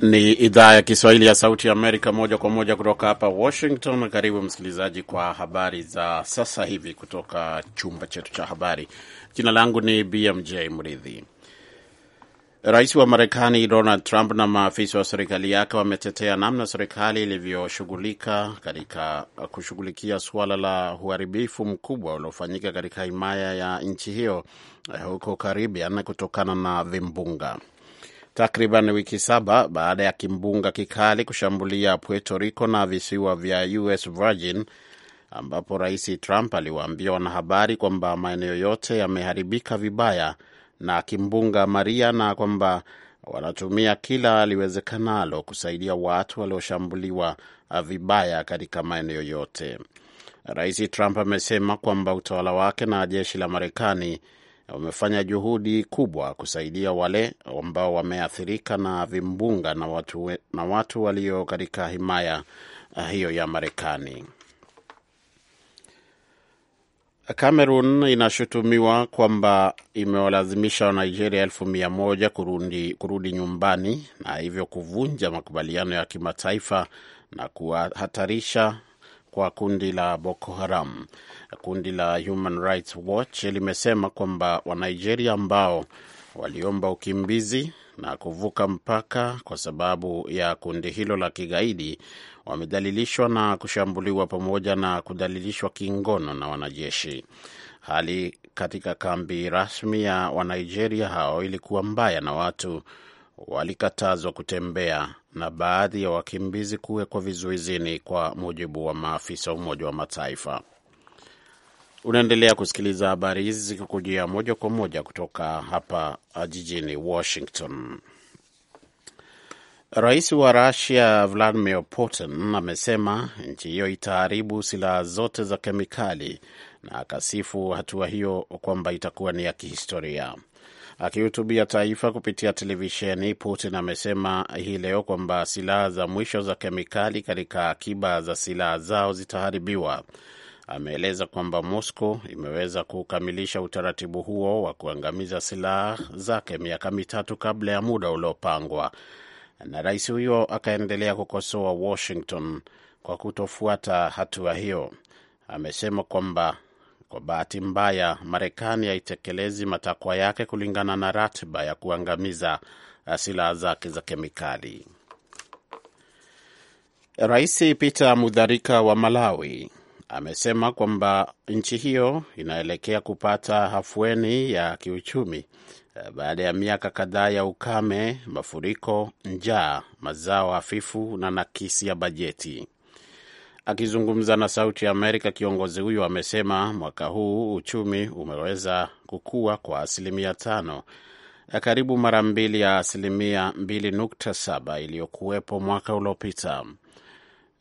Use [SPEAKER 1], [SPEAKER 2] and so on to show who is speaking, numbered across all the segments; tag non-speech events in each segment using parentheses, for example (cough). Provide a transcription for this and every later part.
[SPEAKER 1] Ni idhaa ya Kiswahili ya Sauti ya Amerika, moja kwa moja kutoka hapa Washington. Karibu msikilizaji kwa habari za sasa hivi kutoka chumba chetu cha habari. Jina langu ni BMJ Mridhi. Rais wa Marekani Donald Trump na maafisa wa serikali yake wametetea namna serikali ilivyoshughulika katika kushughulikia suala la uharibifu mkubwa uliofanyika katika himaya ya nchi hiyo eh, huko karibian kutokana na vimbunga takriban wiki saba baada ya kimbunga kikali kushambulia Puerto Rico na visiwa vya US Virgin, ambapo Rais Trump aliwaambia wanahabari kwamba maeneo yote yameharibika vibaya na kimbunga Maria na kwamba wanatumia kila aliwezekanalo kusaidia watu walioshambuliwa vibaya katika maeneo yote. Rais Trump amesema kwamba utawala wake na jeshi la Marekani wamefanya juhudi kubwa kusaidia wale ambao wameathirika na vimbunga na watu, na watu walio katika himaya eh, hiyo ya Marekani. Cameroon inashutumiwa kwamba imewalazimisha Wanigeria elfu mia moja kurudi, kurudi nyumbani na hivyo kuvunja makubaliano ya kimataifa na kuwahatarisha kwa kundi la Boko Haram. Kundi la Human Rights Watch limesema kwamba Wanigeria ambao waliomba ukimbizi na kuvuka mpaka kwa sababu ya kundi hilo la kigaidi wamedhalilishwa na kushambuliwa pamoja na kudhalilishwa kingono na wanajeshi. Hali katika kambi rasmi ya Wanigeria hao ilikuwa mbaya na watu walikatazwa kutembea na baadhi ya wakimbizi kuwekwa vizuizini, kwa mujibu wa maafisa Umoja wa Mataifa. Unaendelea kusikiliza habari hizi zikikujia moja kwa moja kutoka hapa uh, jijini Washington. Rais wa Rusia Vladimir Putin amesema nchi hiyo itaharibu silaha zote za kemikali na akasifu hatua hiyo kwamba itakuwa ni ya kihistoria. Akihutubia taifa kupitia televisheni, Putin amesema hii leo kwamba silaha za mwisho za kemikali katika akiba za silaha zao zitaharibiwa. Ameeleza kwamba Moscow imeweza kukamilisha utaratibu huo wa kuangamiza silaha zake miaka mitatu kabla ya muda uliopangwa, na rais huyo akaendelea kukosoa Washington kwa kutofuata hatua hiyo. Amesema kwamba kwa bahati mbaya, Marekani haitekelezi matakwa yake kulingana na ratiba ya kuangamiza eh, silaha zake za kemikali. Rais Peter Mutharika wa Malawi amesema kwamba nchi hiyo inaelekea kupata hafueni ya kiuchumi eh, baada ya miaka kadhaa ya ukame, mafuriko, njaa, mazao hafifu na nakisi ya bajeti. Akizungumza na Sauti ya Amerika, kiongozi huyo amesema mwaka huu uchumi umeweza kukua kwa asilimia tano, eh, karibu mara mbili ya asilimia 2.7 iliyokuwepo mwaka uliopita,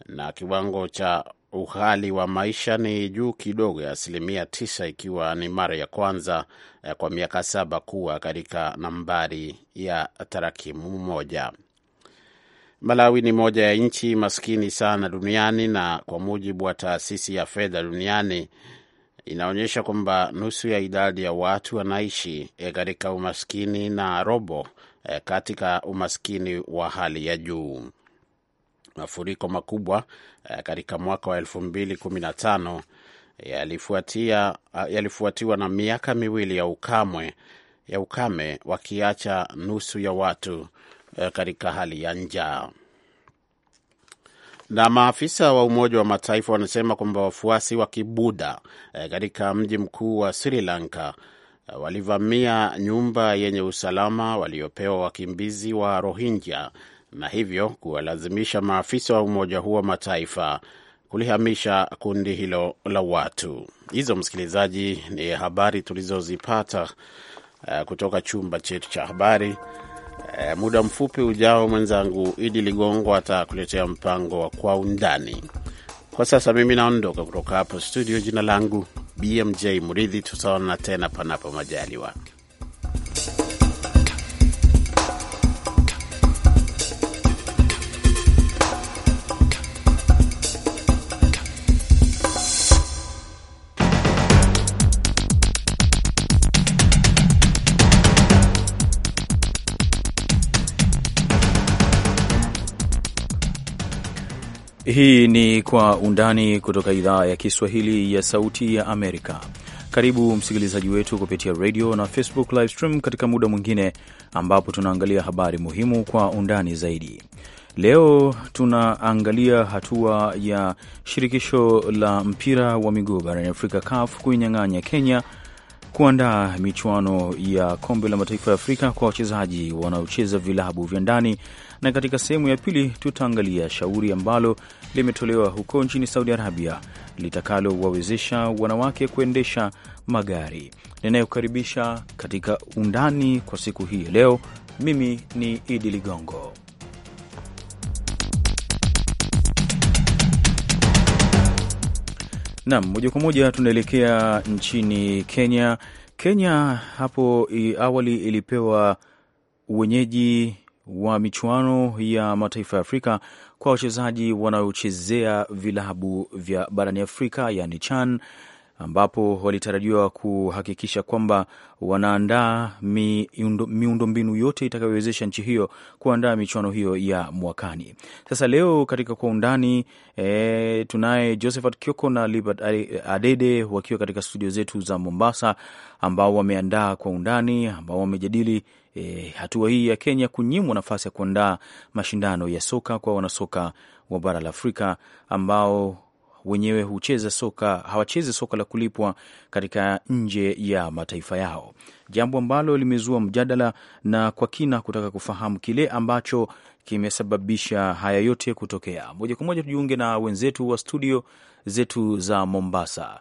[SPEAKER 1] na kiwango cha uhali wa maisha ni juu kidogo ya asilimia tisa, ikiwa ni mara ya kwanza eh, kwa miaka saba kuwa katika nambari ya tarakimu moja. Malawi ni moja ya nchi maskini sana duniani, na kwa mujibu wa taasisi ya fedha duniani inaonyesha kwamba nusu ya idadi ya watu wanaishi eh, katika umaskini na robo eh, katika umaskini wa hali ya juu. Mafuriko makubwa eh, katika mwaka wa 2015 ah, yalifuatiwa na miaka miwili ya ukame ya ukame, wakiacha nusu ya watu Eh, katika hali ya njaa. Na maafisa wa Umoja wa Mataifa wanasema kwamba wafuasi wa Kibuda eh, katika mji mkuu wa Sri Lanka eh, walivamia nyumba yenye usalama waliopewa wakimbizi wa Rohingya na hivyo kuwalazimisha maafisa wa umoja huo wa mataifa kulihamisha kundi hilo la watu. Hizo msikilizaji, ni habari tulizozipata kutoka chumba chetu cha habari. E, muda mfupi ujao mwenzangu Idi Ligongo atakuletea mpango wa kwa undani. Kwa sasa mimi naondoka kutoka hapo studio. Jina langu BMJ Muridhi, tutaona tena panapo majaliwa.
[SPEAKER 2] Hii ni Kwa Undani kutoka idhaa ya Kiswahili ya Sauti ya Amerika. Karibu msikilizaji wetu kupitia radio na Facebook live stream katika muda mwingine ambapo tunaangalia habari muhimu kwa undani zaidi. Leo tunaangalia hatua ya shirikisho la mpira wa miguu barani Afrika, CAF, kuinyang'anya Kenya kuandaa michuano ya kombe la mataifa ya Afrika kwa wachezaji wanaocheza vilabu vya ndani, na katika sehemu ya pili tutaangalia shauri ambalo limetolewa huko nchini Saudi Arabia litakalowawezesha wanawake kuendesha magari. Ninayokaribisha katika undani kwa siku hii ya leo, mimi ni Idi Ligongo. Naam, moja kwa moja tunaelekea nchini Kenya. Kenya hapo awali ilipewa uwenyeji wa michuano ya mataifa ya Afrika kwa wachezaji wanaochezea vilabu vya barani Afrika, yani CHAN ambapo walitarajiwa kuhakikisha kwamba wanaandaa miundombinu yote itakayowezesha nchi hiyo kuandaa michuano hiyo ya mwakani. Sasa leo katika kwa undani e, tunaye Josephat Kioko na Libert Adede wakiwa katika studio zetu za Mombasa, ambao wameandaa kwa undani, ambao wamejadili e, hatua hii ya Kenya kunyimwa nafasi ya kuandaa mashindano ya soka kwa wanasoka wa bara la Afrika ambao wenyewe hucheza soka, hawachezi soka la kulipwa katika nje ya mataifa yao, jambo ambalo limezua mjadala na kwa kina kutaka kufahamu kile ambacho kimesababisha haya yote kutokea. Moja kwa moja tujiunge na wenzetu wa studio zetu za Mombasa.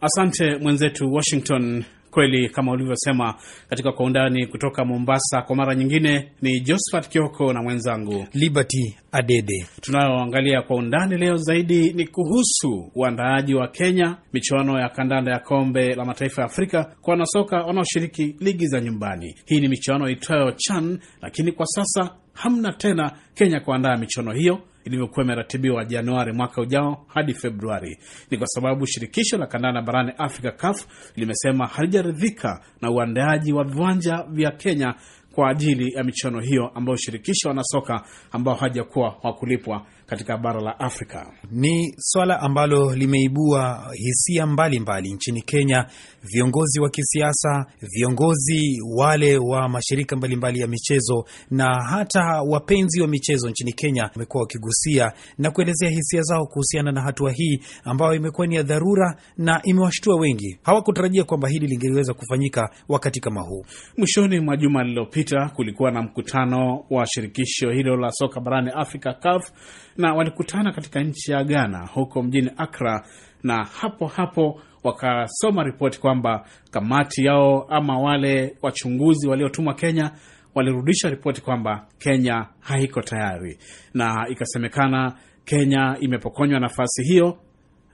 [SPEAKER 3] Asante mwenzetu Washington kweli kama ulivyosema katika kwa undani kutoka Mombasa. Kwa mara nyingine ni Josephat Kioko na mwenzangu Liberty Adede. Tunayoangalia kwa undani leo zaidi ni kuhusu uandaaji wa Kenya michuano ya kandanda ya kombe la mataifa ya Afrika kwa wanasoka wanaoshiriki ligi za nyumbani. Hii ni michuano itwayo CHAN, lakini kwa sasa hamna tena Kenya kuandaa michuano hiyo ilivyokuwa imeratibiwa Januari mwaka ujao hadi Februari ni kwa sababu shirikisho la kandanda barani Afrika CAF limesema halijaridhika na uandaaji wa viwanja vya Kenya kwa ajili ya michuano hiyo ambayo shirikisho wanasoka ambao hawajakuwa wakulipwa katika bara la Afrika. Ni swala ambalo limeibua hisia
[SPEAKER 4] mbalimbali mbali nchini Kenya. Viongozi wa kisiasa, viongozi wale wa mashirika mbalimbali mbali ya michezo na hata wapenzi wa michezo nchini Kenya wamekuwa wakigusia na kuelezea hisia zao kuhusiana na hatua hii ambayo imekuwa ni ya dharura
[SPEAKER 3] na imewashtua wengi. Hawakutarajia kwamba hili lingeweza kufanyika wakati kama huu. Mwishoni mwa juma lililopita kulikuwa na mkutano wa shirikisho hilo la soka barani Afrika, CAF na walikutana katika nchi ya Ghana huko mjini akra na hapo hapo wakasoma ripoti kwamba kamati yao ama wale wachunguzi waliotumwa Kenya walirudisha ripoti kwamba Kenya haiko tayari, na ikasemekana Kenya imepokonywa nafasi hiyo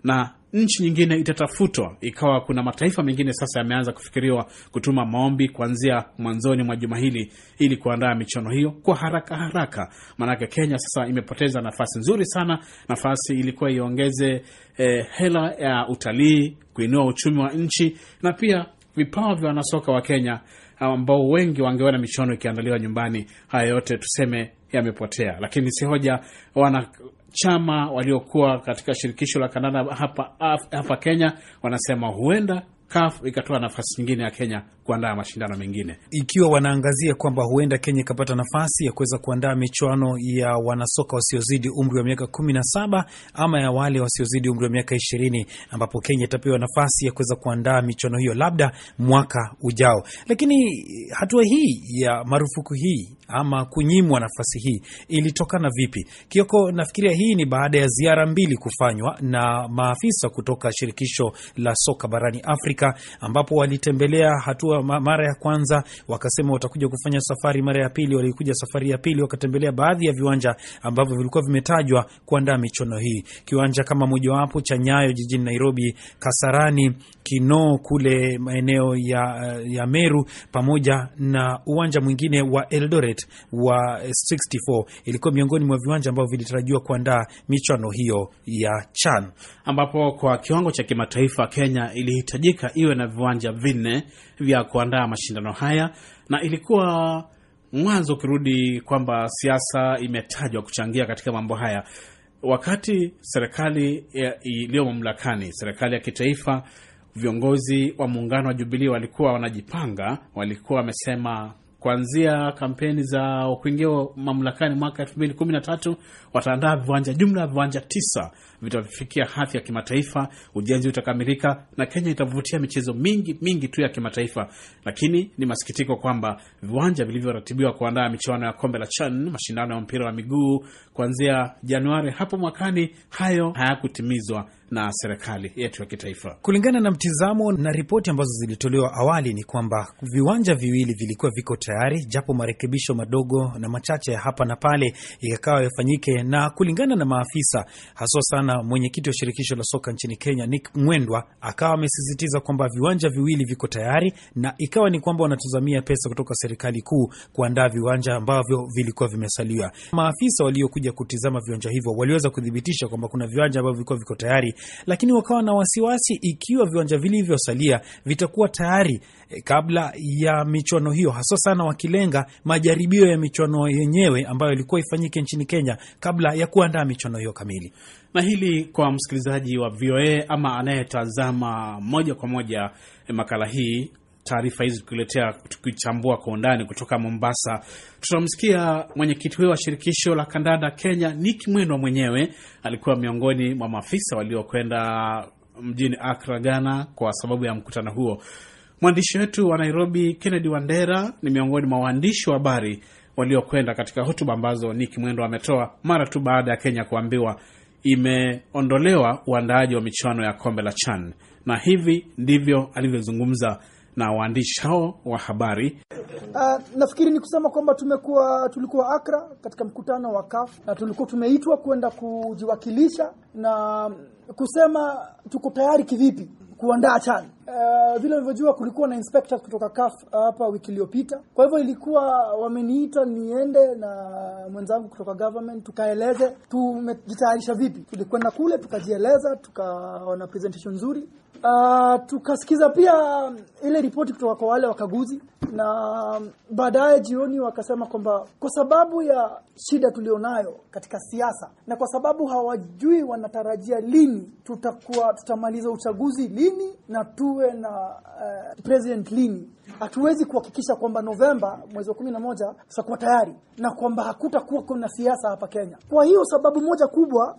[SPEAKER 3] na nchi nyingine itatafutwa, ikawa kuna mataifa mengine sasa yameanza kufikiriwa kutuma maombi kuanzia mwanzoni mwa juma hili ili kuandaa michuano hiyo kwa haraka haraka, maanake Kenya sasa imepoteza nafasi nzuri sana, nafasi ilikuwa iongeze eh, hela ya utalii kuinua uchumi wa nchi na pia vipawa vya wanasoka wa Kenya ambao wengi wangeona michuano ikiandaliwa nyumbani. Haya yote tuseme yamepotea, lakini si hoja wana chama waliokuwa katika shirikisho la kandanda hapa, hapa Kenya wanasema huenda CAF ikatoa nafasi nyingine ya Kenya kuandaa mashindano mengine, ikiwa
[SPEAKER 4] wanaangazia kwamba huenda Kenya ikapata nafasi ya kuweza kuandaa michuano ya wanasoka wasiozidi umri wa miaka kumi na saba ama ya wale wasiozidi umri wa miaka ishirini ambapo Kenya itapewa nafasi ya kuweza kuandaa michuano hiyo labda mwaka ujao. Lakini hatua hii ya marufuku hii ama kunyimwa nafasi hii ilitokana vipi? Kioko, nafikiria hii ni baada ya ziara mbili kufanywa na maafisa kutoka shirikisho la soka barani Afrika ambapo walitembelea hatua mara ya kwanza, wakasema watakuja kufanya safari mara ya pili. Walikuja safari ya pili, wakatembelea baadhi ya viwanja ambavyo vilikuwa vimetajwa kuandaa michuano hii, kiwanja kama mojawapo cha Nyayo jijini Nairobi, Kasarani, Kinoo kule maeneo ya, ya Meru, pamoja na uwanja mwingine wa Eldoret wa 64. Ilikuwa miongoni mwa viwanja ambavyo
[SPEAKER 3] vilitarajiwa kuandaa michuano hiyo ya CHAN, ambapo kwa kiwango cha kimataifa Kenya ilihitajika iwe na viwanja vinne vya kuandaa mashindano haya, na ilikuwa mwanzo ukirudi kwamba siasa imetajwa kuchangia katika mambo haya wakati serikali iliyo mamlakani, serikali ya kitaifa, viongozi wa muungano wa Jubilii walikuwa wanajipanga, walikuwa wamesema kuanzia kampeni za kuingia mamlakani mwaka tatu wataandaa viwanja, jumla ya viwanja tisa vitafikia hadhi ya kimataifa. Ujenzi utakamilika na Kenya itavutia michezo mingi mingi tu ya kimataifa, lakini ni masikitiko kwamba viwanja vilivyoratibiwa kuandaa michuano ya kombe la CHAN, mashindano ya mpira wa miguu kuanzia Januari hapo mwakani, hayo hayakutimizwa na serikali yetu ya kitaifa.
[SPEAKER 4] Kulingana na mtizamo na ripoti ambazo zilitolewa awali, ni kwamba viwanja viwili vilikuwa viko tayari, japo marekebisho madogo na machache ya hapa na pale yakawa yafanyike. Na kulingana na maafisa, haswa sana mwenyekiti wa shirikisho la soka nchini Kenya Nick Mwendwa, akawa amesisitiza kwamba viwanja viwili viko tayari, na ikawa ni kwamba wanatazamia pesa kutoka serikali kuu kuandaa viwanja ambavyo vilikuwa vimesaliwa. Maafisa waliokuja kutizama viwanja hivyo waliweza kuthibitisha kwamba kuna viwanja ambavyo vilikuwa viko tayari lakini wakawa na wasiwasi ikiwa viwanja vilivyosalia vitakuwa tayari e, kabla ya michuano hiyo, haswa sana wakilenga majaribio ya michuano yenyewe ambayo ilikuwa ifanyike nchini Kenya kabla ya
[SPEAKER 3] kuandaa michuano hiyo kamili. Na hili kwa msikilizaji wa VOA ama anayetazama moja kwa moja e, makala hii taarifa hizi tukiletea, tukichambua kwa undani. Kutoka Mombasa tutamsikia mwenyekiti huyo wa shirikisho la kandanda Kenya, nik Mwendwa mwenyewe alikuwa miongoni mwa maafisa waliokwenda mjini akra Ghana kwa sababu ya mkutano huo. Mwandishi wetu wa Nairobi Kennedy Wandera ni miongoni mwa waandishi wa habari waliokwenda katika hotuba ambazo nik mwendo ametoa mara tu baada ya Kenya kuambiwa imeondolewa uandaaji wa michuano ya kombe la CHAN, na hivi ndivyo alivyozungumza na waandishi hao wa habari.
[SPEAKER 5] Uh, nafikiri ni kusema kwamba tumekuwa tulikuwa Akra katika mkutano wa CAF na tulikuwa tumeitwa kwenda kujiwakilisha na kusema tuko tayari kivipi kuandaa chani ah, vile uh, unavyojua kulikuwa na inspectors kutoka CAF hapa wiki iliyopita. Kwa hivyo ilikuwa wameniita niende na mwenzangu kutoka government tukaeleze tumejitayarisha vipi. Tulikwenda kule tukajieleza, tukaona presentation nzuri, Uh, tukasikiza pia um, ile ripoti kutoka kwa wale wakaguzi na um, baadaye jioni wakasema kwamba kwa sababu ya shida tulionayo katika siasa na kwa sababu hawajui wanatarajia lini tutakuwa tutamaliza uchaguzi lini na tuwe na uh, president lini hatuwezi kuhakikisha kwamba Novemba mwezi wa kumi na moja tutakuwa tayari na kwamba hakutakuwa kuna siasa hapa Kenya. Kwa hiyo sababu moja kubwa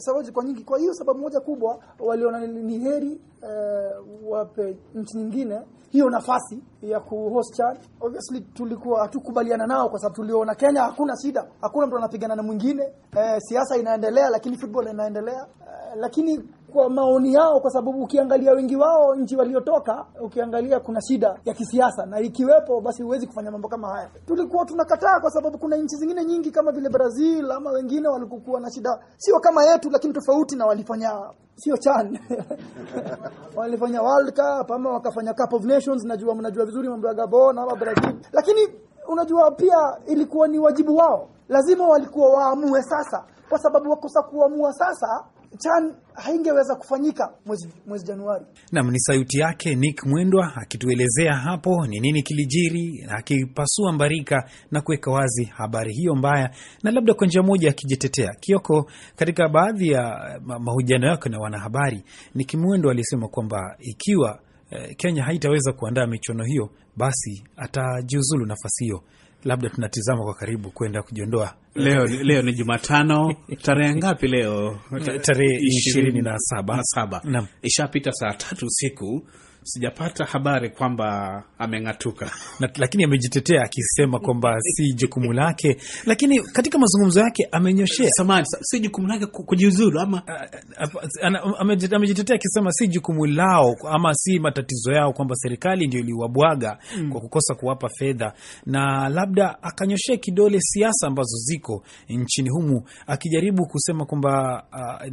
[SPEAKER 5] sababu kwa nyingi kwa hiyo sababu moja kubwa waliona ni heri uh, wape nchi nyingine hiyo nafasi ya kuhost chad obviously tulikuwa hatukubaliana nao kwa sababu tuliona Kenya hakuna shida hakuna mtu anapigana na mwingine uh, siasa inaendelea lakini football inaendelea uh, lakini kwa maoni yao, kwa sababu ukiangalia wengi wao nchi waliotoka, ukiangalia kuna shida ya kisiasa, na ikiwepo basi huwezi kufanya mambo kama haya. Tulikuwa tunakataa kwa sababu kuna nchi zingine nyingi kama vile Brazil ama wengine walikokuwa na shida sio kama yetu, lakini tofauti, na walifanya sio CHAN (laughs) walifanya World Cup ama wakafanya Cup of Nations. Najua mnajua vizuri mambo ya Gabon ama Brazil, lakini unajua pia ilikuwa ni wajibu wao, lazima walikuwa waamue sasa, kwa sababu wakosa kuamua sasa CHAN haingeweza kufanyika mwezi, mwezi Januari.
[SPEAKER 4] nam ni sauti yake Nick Mwendwa akituelezea hapo ni nini kilijiri, akipasua mbarika na kuweka wazi habari hiyo mbaya, na labda kwa njia moja akijitetea. Kioko, katika baadhi ya mahojiano yake na wanahabari, Nick Mwendwa alisema kwamba ikiwa eh, Kenya haitaweza kuandaa michuano hiyo, basi atajiuzulu nafasi hiyo labda tunatizama kwa karibu kwenda kujiondoa leo. Leo
[SPEAKER 3] ni Jumatano, (laughs) tarehe ngapi leo? Tarehe ishirini na saba, ishapita saa tatu usiku sijapata habari kwamba ameng'atuka na, lakini
[SPEAKER 4] amejitetea akisema kwamba si jukumu lake, lakini katika mazungumzo yake amenyoshea samani, si jukumu lake kujiuzulu, ama amejitetea akisema si jukumu lao ama si matatizo yao, kwamba serikali ndio iliwabwaga mm, kwa kukosa kuwapa fedha, na labda akanyoshea kidole siasa ambazo ziko nchini humu, akijaribu kusema kwamba uh,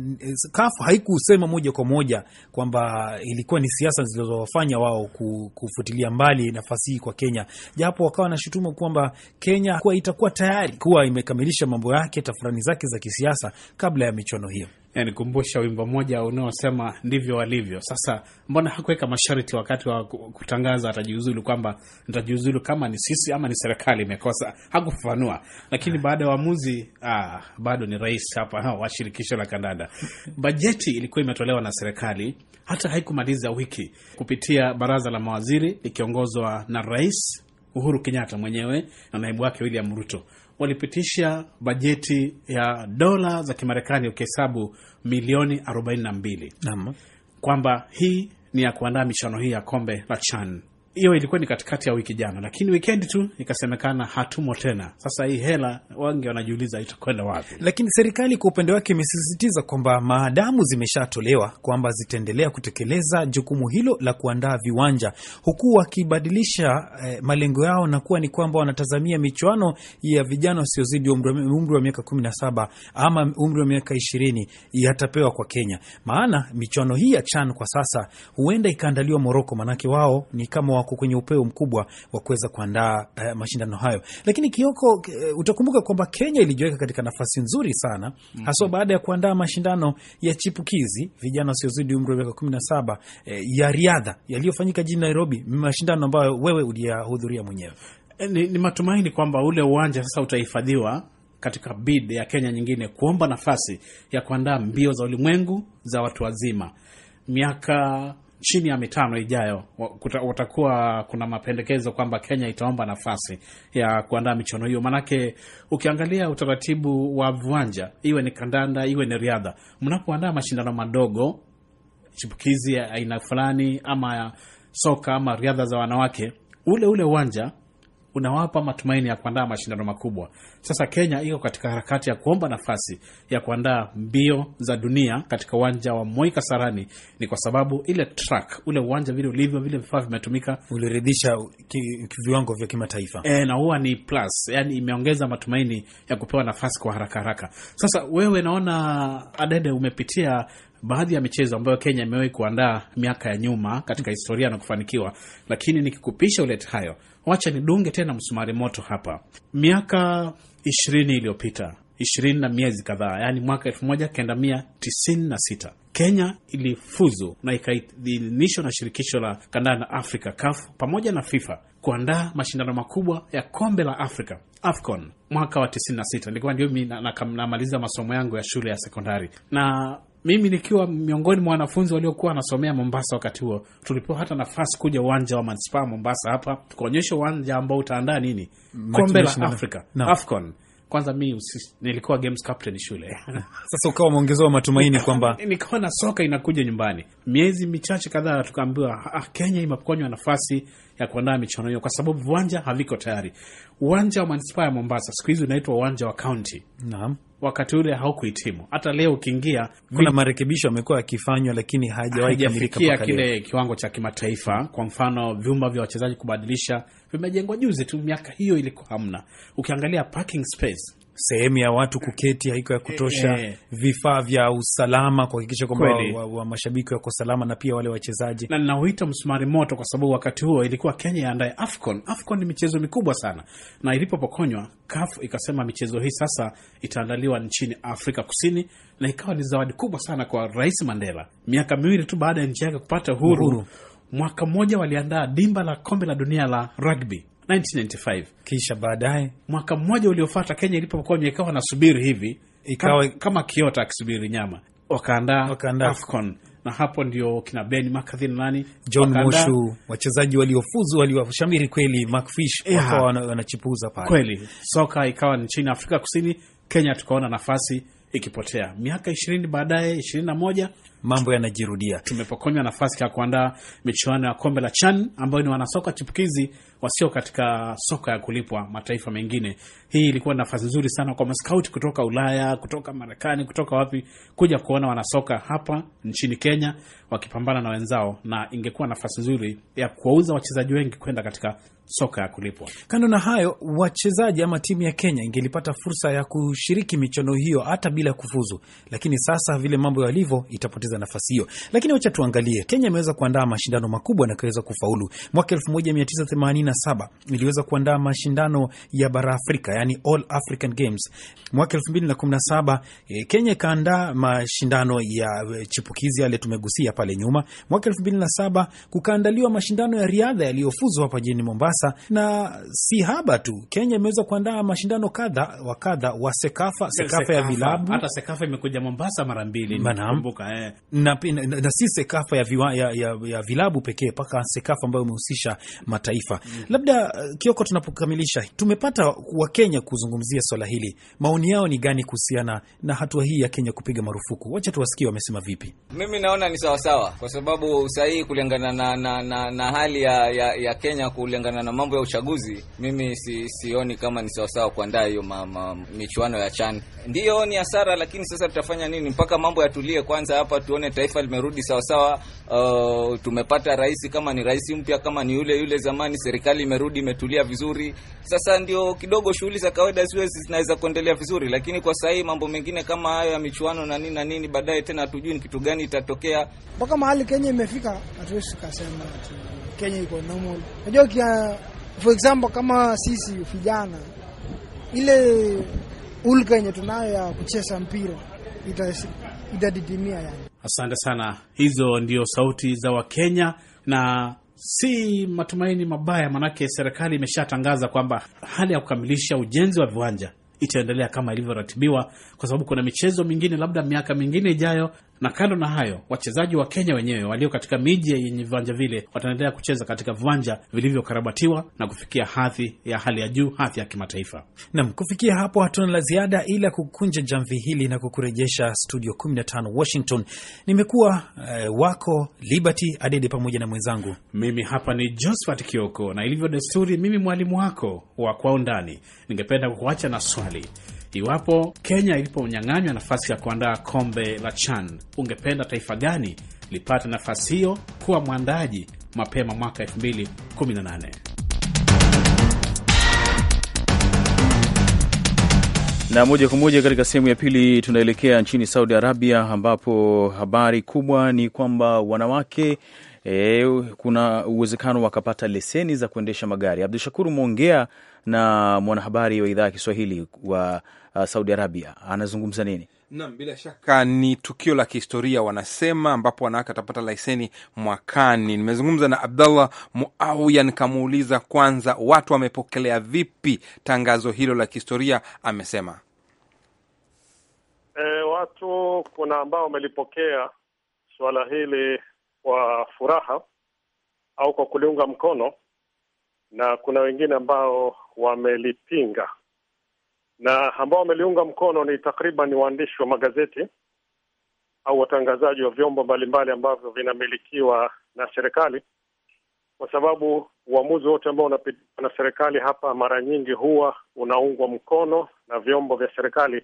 [SPEAKER 4] kafu haikusema moja kwa moja kwamba ilikuwa ni siasa zilizo imewafanya wao kufutilia mbali nafasi hii kwa Kenya, japo wakawa na shutuma kwamba Kenya kuwa itakuwa tayari kuwa imekamilisha mambo yake, tafurani zake za
[SPEAKER 3] kisiasa kabla ya michuano hiyo yanikumbusha wimbo mmoja unaosema ndivyo walivyo. Sasa mbona hakuweka masharti wakati wa kutangaza atajiuzulu, kwamba nitajiuzulu kama ni sisi ama ni serikali imekosa? Hakufafanua, lakini baada ya uamuzi, ah, bado ni rais hapa ha, wa shirikisho la kandanda. Bajeti ilikuwa imetolewa na serikali, hata haikumaliza wiki kupitia baraza la mawaziri likiongozwa na Rais Uhuru Kenyatta mwenyewe na naibu wake William Ruto walipitisha bajeti ya dola za Kimarekani ukihesabu milioni 42 kwamba hii ni ya kuandaa michuano hii ya kombe la CHAN hiyo ilikuwa ni katikati ya wiki jana, lakini weekend tu ikasemekana hatumo tena. Sasa hii hela wange wanajiuliza itakwenda wapi? Lakini
[SPEAKER 4] serikali kwa upande wake imesisitiza kwamba maadamu zimeshatolewa kwamba zitaendelea kutekeleza jukumu hilo la kuandaa viwanja, huku wakibadilisha eh, malengo yao na kuwa ni kwamba wanatazamia michuano ya vijana wasiozidi umri wa miaka 17 ama umri wa miaka 20 yatapewa kwa Kenya, maana michuano hii ya CHAN kwa sasa huenda ikaandaliwa Moroko, manake wao ni kama wa wako kwenye upeo mkubwa wa kuweza kuandaa uh, mashindano hayo. Lakini Kioko, uh, utakumbuka kwamba Kenya ilijiweka katika nafasi nzuri sana mm-hmm. haswa baada ya kuandaa mashindano ya chipukizi vijana wasiozidi umri wa miaka kumi na saba eh, ya riadha yaliyofanyika jijini Nairobi, mashindano ambayo wewe uliyahudhuria mwenyewe.
[SPEAKER 3] Eh, ni, ni matumaini kwamba ule uwanja sasa utahifadhiwa katika bid ya Kenya nyingine kuomba nafasi ya kuandaa mbio za ulimwengu za watu wazima miaka chini ya mitano ijayo watakuwa kuna mapendekezo kwamba Kenya itaomba nafasi ya kuandaa michuano hiyo. Maanake ukiangalia utaratibu wa viwanja, iwe ni kandanda, iwe ni riadha, mnapoandaa mashindano madogo chipukizi ya aina fulani, ama soka ama riadha za wanawake, ule ule uwanja unawapa matumaini ya kuandaa mashindano makubwa. Sasa Kenya iko katika harakati ya kuomba nafasi ya kuandaa mbio za dunia katika uwanja wa Moi Kasarani. Ni kwa sababu ile track, ule uwanja vile ulivyo, vile vifaa vimetumika, uliridhisha viwango vya kimataifa e, na huwa ni plus, yani imeongeza matumaini ya kupewa nafasi kwa haraka haraka. Sasa wewe, naona Adede, umepitia baadhi ya michezo ambayo Kenya imewahi kuandaa miaka ya nyuma katika historia na kufanikiwa, lakini nikikupisha ulete hayo, wacha nidunge tena msumari moto hapa. Miaka ishirini iliyopita, ishirini na miezi kadhaa, yaani mwaka elfu moja kenda mia tisini na sita Kenya ilifuzu na ikaidhinishwa na shirikisho la kandanda Afrika CAF pamoja na FIFA kuandaa mashindano makubwa ya kombe la Afrika AFCON mwaka wa 96. Nilikuwa ndio mimi namaliza na, na, masomo yangu ya shule ya sekondari na mimi nikiwa miongoni mwa wanafunzi waliokuwa wanasomea Mombasa wakati huo, tulipewa hata nafasi kuja uwanja wa manispaa Mombasa hapa tukaonyesha uwanja ambao utaandaa nini, kombe la Afrika no. AFCON. Kwanza mi nilikuwa games captain shule (laughs) sasa ukawa mwongezo wa matumaini kwamba (laughs) nikaona soka inakuja nyumbani miezi michache kadhaa tukaambiwa ah, ah, Kenya imepokonywa nafasi ya kuandaa michuano hiyo kwa sababu viwanja haviko tayari. Uwanja wa manispaa ya Mombasa siku hizi unaitwa uwanja wa kaunti. Naam, wakati ule haukuhitimu. Hata leo ukiingia, kuna marekebisho yamekuwa yakifanywa, lakini hajawahi kufikia kile kiwango cha kimataifa. Kwa mfano, vyumba vya wachezaji kubadilisha vimejengwa juzi tu, miaka hiyo ilikuwa hamna. Ukiangalia parking space sehemu ya watu kuketi haiko ya kutosha
[SPEAKER 4] e, e, vifaa vya usalama kuhakikisha kwamba wa, wa mashabiki wako salama na pia wale
[SPEAKER 3] wachezaji, na nauita msumari moto, kwa sababu wakati huo ilikuwa Kenya iandae Afcon. Afcon ni michezo mikubwa sana, na ilipopokonywa CAF ikasema michezo hii sasa itaandaliwa nchini Afrika Kusini, na ikawa ni zawadi kubwa sana kwa Rais Mandela, miaka miwili tu baada ya nchi yake kupata uhuru. Mwaka mmoja waliandaa dimba la kombe la dunia la rugby 1995. Kisha baadaye mwaka mmoja uliofuata Kenya ilipokuwa imekawa nasubiri hivi ikawa kama kiota akisubiri nyama, wakaandaa wakaandaa AFCON na hapo ndio kina Ben makathi na nani John Moshu, wachezaji waliofuzu waliwashamiri kweli, Macfish wakawa wanachipuza pale kweli, soka ikawa nchini Afrika Kusini. Kenya tukaona nafasi ikipotea. Miaka ishirini baadaye, ishirini na moja, mambo yanajirudia, tumepokonywa nafasi ya kuandaa michuano ya kombe la CHAN ambayo ni wanasoka chipukizi wasio katika soka ya kulipwa mataifa mengine hii ilikuwa nafasi nzuri sana kwa maskauti kutoka Ulaya, kutoka Marekani, kutoka wapi kuja kuona wanasoka hapa nchini Kenya wakipambana na wenzao, na ingekuwa nafasi nzuri ya kuwauza wachezaji wengi kwenda katika soka ya kulipwa. Kando
[SPEAKER 4] na hayo, wachezaji ama timu ya Kenya ingelipata fursa ya kushiriki michuano hiyo hata bila kufuzu, lakini sasa vile mambo yalivyo, itapoteza nafasi hiyo. Lakini wacha tuangalie, Kenya imeweza kuandaa mashindano makubwa na kaweza kufaulu. Mwaka 1987 iliweza kuandaa mashindano ya bara Afrika, yani yani All African Games mwaka 2017. Eh, Kenya ikaandaa mashindano ya eh, chipukizi yale tumegusia pale nyuma. Mwaka 2007 kukaandaliwa mashindano ya riadha yaliyofuzwa hapa jijini Mombasa, na si haba tu, Kenya imeweza kuandaa mashindano kadha wa kadha wa Sekafa, Sekafa ya vilabu. Hata Sekafa imekuja Mombasa mara mbili kumbuka, eh. Na, na, na, na si Sekafa ya, viwa, ya, ya, ya vilabu pekee, mpaka Sekafa ambayo imehusisha mataifa mm. Labda eh, Kioko, tunapokamilisha tumepata Wakenya Kenya kuzungumzia swala hili, maoni yao ni gani kuhusiana na hatua hii ya Kenya kupiga marufuku? Wacha tuwasikie wamesema vipi.
[SPEAKER 2] Mimi naona ni sawasawa, kwa sababu sahihi kulingana na, na, na, na hali ya, ya, ya Kenya kulingana na mambo ya uchaguzi, mimi si, sioni kama ni sawasawa kuandaa hiyo michuano ya CHAN. Ndiyo ni hasara, lakini sasa tutafanya nini mpaka mambo yatulie kwanza hapa, tuone taifa limerudi sawasawa. Uh, tumepata rais, kama ni rais mpya, kama ni yule yule zamani, serikali imerudi imetulia vizuri. Sasa ndio kidogo shughuli shughuli za kawaida siwe zinaweza kuendelea vizuri, lakini kwa sahii mambo mengine kama hayo ya michuano na nini na nini, baadaye tena hatujui ni kitu gani itatokea.
[SPEAKER 5] Mpaka mahali Kenya imefika, hatuwezi kusema Kenya iko normal. Unajua kia for example kama sisi vijana, ile hulka yenye tunayo ya kucheza mpira itadidimia, yani.
[SPEAKER 3] Asante sana, hizo ndio sauti za Wakenya na si matumaini mabaya, manake serikali imeshatangaza kwamba hali ya kukamilisha ujenzi wa viwanja itaendelea kama ilivyoratibiwa, kwa sababu kuna michezo mingine labda miaka mingine ijayo na kando na hayo, wachezaji wa Kenya wenyewe walio katika miji yenye viwanja vile wataendelea kucheza katika viwanja vilivyokarabatiwa na kufikia hadhi ya hali ya juu, hadhi ya kimataifa.
[SPEAKER 4] Nam, kufikia hapo hatuna la ziada ila kukunja jamvi hili na kukurejesha studio 15 Washington. Nimekuwa eh, wako Liberty Adede
[SPEAKER 3] pamoja na mwenzangu, mimi hapa ni Josephat Kioko, na ilivyo desturi, mimi mwalimu wako wa Kwa Undani. Ningependa kukuacha na swali Iwapo Kenya iliponyang'anywa nafasi ya kuandaa kombe la CHAN, ungependa taifa gani lipate nafasi hiyo kuwa mwandaji mapema mwaka 2018?
[SPEAKER 2] Na moja kwa moja katika sehemu ya pili tunaelekea nchini Saudi Arabia, ambapo habari kubwa ni kwamba wanawake E, kuna uwezekano wakapata leseni za kuendesha magari. Abdu Shakuru umeongea na mwanahabari wa idhaa ya Kiswahili wa uh, Saudi Arabia anazungumza nini?
[SPEAKER 6] Naam, bila shaka ni tukio la kihistoria wanasema, ambapo wanawake watapata leseni mwakani. Nimezungumza na Abdallah Muawiya, nikamuuliza kwanza watu wamepokelea vipi tangazo hilo la kihistoria. Amesema
[SPEAKER 7] e, watu kuna ambao wamelipokea suala hili kwa furaha au kwa kuliunga mkono na kuna wengine ambao wamelipinga na ambao wameliunga mkono ni takriban waandishi wa magazeti au watangazaji wa vyombo mbalimbali ambavyo vinamilikiwa na serikali, kwa sababu uamuzi wote ambao unapitiwa na serikali hapa mara nyingi huwa unaungwa mkono na vyombo vya serikali,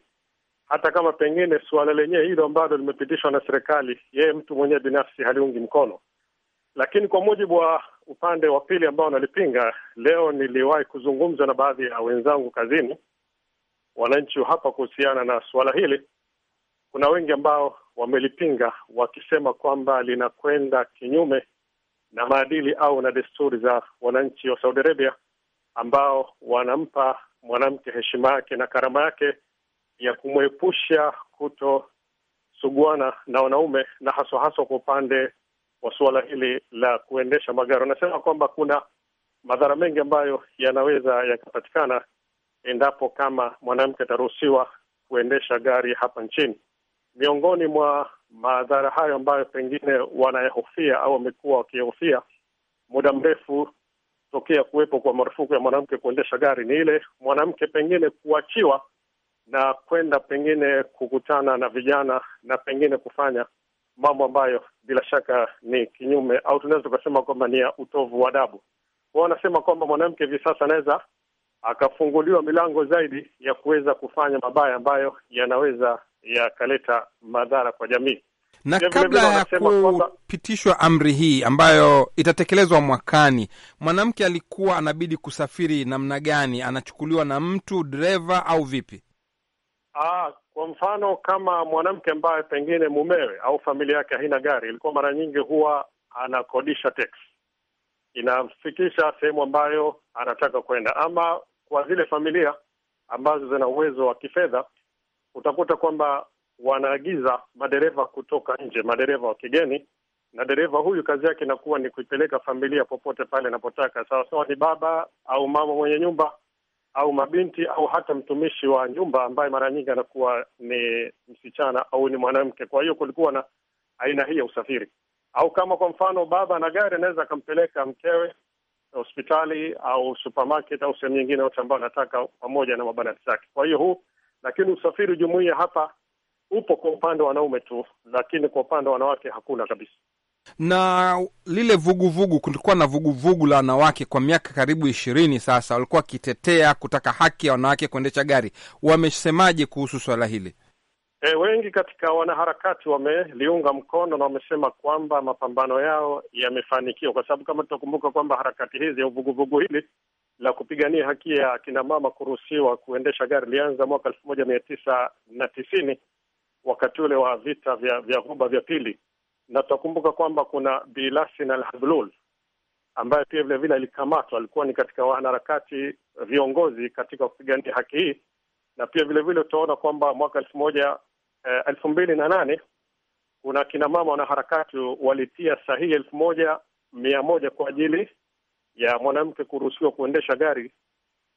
[SPEAKER 7] hata kama pengine suala lenyewe hilo ambalo limepitishwa na serikali, yeye mtu mwenyewe binafsi haliungi mkono. Lakini kwa mujibu wa upande wa pili ambao nalipinga, leo niliwahi kuzungumza na baadhi ya wenzangu kazini wananchi wa hapa kuhusiana na suala hili, kuna wengi ambao wamelipinga wakisema kwamba linakwenda kinyume na maadili au na desturi za wananchi wa Saudi Arabia ambao wanampa mwanamke heshima yake na karama yake ya kumwepusha kutosuguana na wanaume, na haswa haswa kwa upande wa suala hili la kuendesha magari. Wanasema kwamba kuna madhara mengi ambayo yanaweza yakapatikana endapo kama mwanamke ataruhusiwa kuendesha gari hapa nchini. Miongoni mwa madhara hayo ambayo pengine wanayehofia au wamekuwa wakihofia muda mrefu tokea kuwepo kwa marufuku ya mwanamke kuendesha gari ni ile mwanamke pengine kuachiwa na kwenda pengine kukutana na vijana na pengine kufanya mambo ambayo bila shaka ni kinyume au tunaweza tukasema kwamba ni ya utovu wa adabu. Wanasema kwamba mwanamke hivi sasa anaweza akafunguliwa milango zaidi ya kuweza kufanya mabaya ambayo yanaweza yakaleta madhara kwa jamii. Na kabla ya
[SPEAKER 6] kupitishwa amri hii ambayo itatekelezwa mwakani, mwanamke alikuwa anabidi kusafiri namna gani? Anachukuliwa na mtu dereva au vipi?
[SPEAKER 7] Aa, ah, kwa mfano kama mwanamke ambaye pengine mumewe au familia yake haina gari, ilikuwa mara nyingi huwa anakodisha teksi inamfikisha sehemu ambayo anataka kwenda, ama kwa zile familia ambazo zina uwezo wa kifedha, utakuta kwamba wanaagiza madereva kutoka nje, madereva wa kigeni, na dereva huyu kazi yake inakuwa ni kuipeleka familia popote pale anapotaka, sawasawa ni baba au mama mwenye nyumba au mabinti au hata mtumishi wa nyumba ambaye mara nyingi anakuwa ni msichana au ni mwanamke. Kwa hiyo kulikuwa na aina hii ya usafiri, au kama kwa mfano baba na gari anaweza akampeleka mkewe hospitali au supermarket au sehemu nyingine yote ambayo anataka pamoja na mabanati zake. Kwa hiyo huu, lakini usafiri jumuia hapa upo kwa upande wa wanaume tu, lakini kwa upande wa wanawake hakuna kabisa.
[SPEAKER 6] Na lile vuguvugu, kulikuwa na vuguvugu la wanawake kwa miaka karibu ishirini sasa, walikuwa wakitetea kutaka haki ya wanawake kuendesha gari. Wamesemaje kuhusu swala hili?
[SPEAKER 7] E, wengi katika wanaharakati wameliunga mkono na wamesema kwamba mapambano yao yamefanikiwa, kwa sababu kama tutakumbuka kwamba harakati hizi ya uvuguvugu hili la kupigania haki ya akina mama kuruhusiwa kuendesha gari ilianza mwaka elfu moja mia tisa na tisini wakati ule wa vita vya vya Ghuba vya pili, na tutakumbuka kwamba kuna Bilasin al ambaye pia vilevile alikamatwa, alikuwa ni katika wanaharakati viongozi katika kupigania haki hii na pia vilevile utaona kwamba mwaka elfu moja Eh, elfu mbili na nane kuna kinamama wanaharakati walitia sahihi elfu moja mia moja kwa ajili ya mwanamke kuruhusiwa kuendesha gari.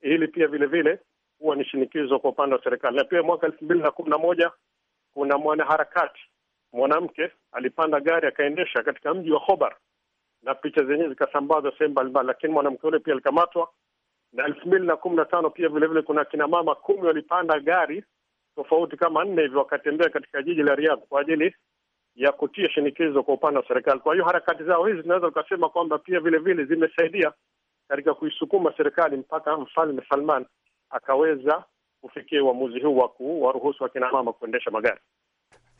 [SPEAKER 7] Hili pia vile vile huwa ni shinikizo kwa upande wa serikali. Na pia mwaka elfu mbili na kumi na moja kuna mwanaharakati mwanamke alipanda gari akaendesha katika mji wa Khobar na picha zenyewe zikasambazwa sehemu mbalimbali, lakini mwanamke yule pia alikamatwa. Na elfu mbili na kumi na tano pia vilevile kuna kinamama kumi walipanda gari tofauti kama nne hivi wakatembea katika jiji la Riyadh kwa ajili ya kutia shinikizo kwa upande wa serikali. Kwa hiyo harakati zao hizi tunaweza ukasema kwamba pia vile vile zimesaidia katika kuisukuma serikali mpaka Mfalme Salman akaweza kufikia uamuzi huu wa kuwaruhusu wakina mama kuendesha magari.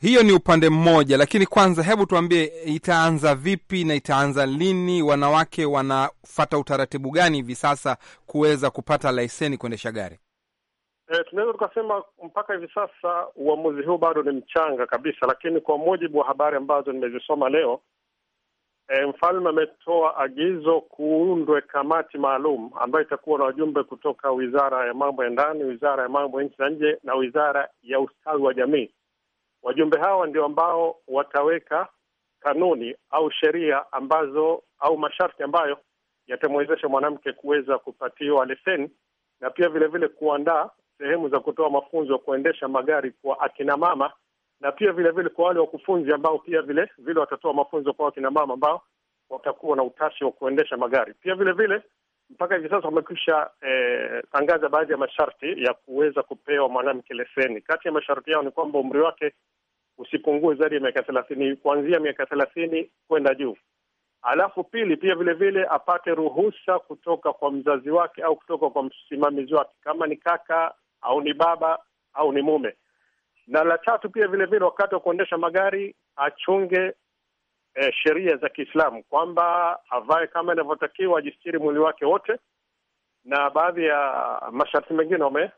[SPEAKER 6] Hiyo ni upande mmoja, lakini kwanza, hebu tuambie itaanza vipi na itaanza lini? Wanawake wanafata utaratibu gani hivi sasa kuweza kupata leseni kuendesha gari?
[SPEAKER 7] E, tunaweza tukasema mpaka hivi sasa uamuzi huu bado ni mchanga kabisa, lakini kwa mujibu wa habari ambazo nimezisoma leo e, mfalme ametoa agizo kuundwe kamati maalum ambayo itakuwa na wajumbe kutoka wizara ya mambo ya ndani, wizara ya mambo ya nchi za nje na wizara ya ustawi wa jamii. Wajumbe hawa ndio ambao wataweka kanuni au sheria ambazo au masharti ambayo yatamwezesha mwanamke kuweza kupatiwa leseni na pia vilevile kuandaa sehemu za kutoa mafunzo ya kuendesha magari kwa akina mama, na pia vile vile kwa wale wakufunzi ambao pia vile vile watatoa mafunzo kwa akina mama ambao watakuwa na utashi wa kuendesha magari. Pia vile vile mpaka hivi sasa wamekwisha eh, tangaza baadhi ya masharti ya kuweza kupewa mwanamke leseni. Kati ya masharti yao ni kwamba umri wake usipungue zaidi ya miaka thelathini, kuanzia miaka thelathini kwenda juu. Alafu pili, pia vile vile apate ruhusa kutoka kwa mzazi wake au kutoka kwa msimamizi wake, kama ni kaka au ni baba au ni mume. Na la tatu pia vile vile, wakati wa kuendesha magari achunge eh, sheria za Kiislamu kwamba avae kama inavyotakiwa, ajistiri mwili wake wote, na baadhi ya masharti mengine wame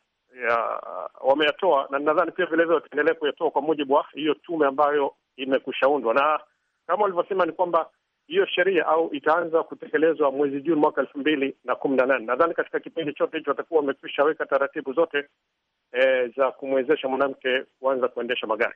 [SPEAKER 7] ya wameyatoa na nadhani pia vilevile wataendelea kuyatoa kwa mujibu wa hiyo tume ambayo imekushaundwa. Na kama walivyosema ni kwamba hiyo sheria au itaanza kutekelezwa mwezi Juni mwaka elfu mbili na kumi na nane. Nadhani katika kipindi chote hicho watakuwa wamekwisha weka taratibu zote e, za kumwezesha mwanamke kuanza kuendesha magari.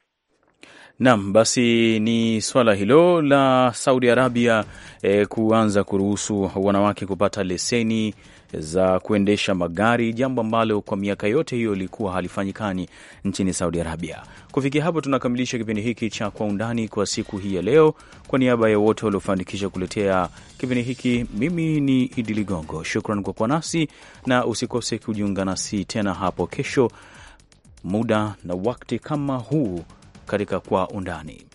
[SPEAKER 2] Naam, basi ni swala hilo la Saudi Arabia e, kuanza kuruhusu wanawake kupata leseni za kuendesha magari, jambo ambalo kwa miaka yote hiyo ilikuwa halifanyikani nchini Saudi Arabia. Kufikia hapo, tunakamilisha kipindi hiki cha Kwa Undani kwa siku hii ya leo. Kwa niaba ya wote waliofanikisha kuletea kipindi hiki, mimi ni Idi Ligongo. Shukran kwa kuwa nasi na usikose kujiunga nasi tena hapo kesho muda na wakati kama huu katika Kwa Undani.